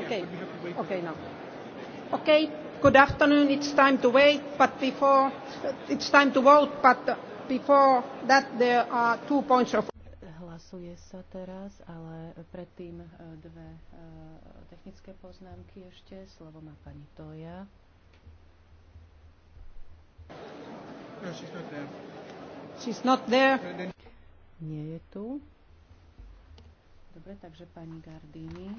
Okay. Okay, now. Okay, good afternoon. It's time to wait, but before it's time to vote, but before that there are two points of Hlasuje sa teraz, ale predtým eh, dve eh, technické poznámky ešte. Slovo má pani Toja. No, she's not there. She's not there. Nie je tu. Dobre, takže pani Gardini.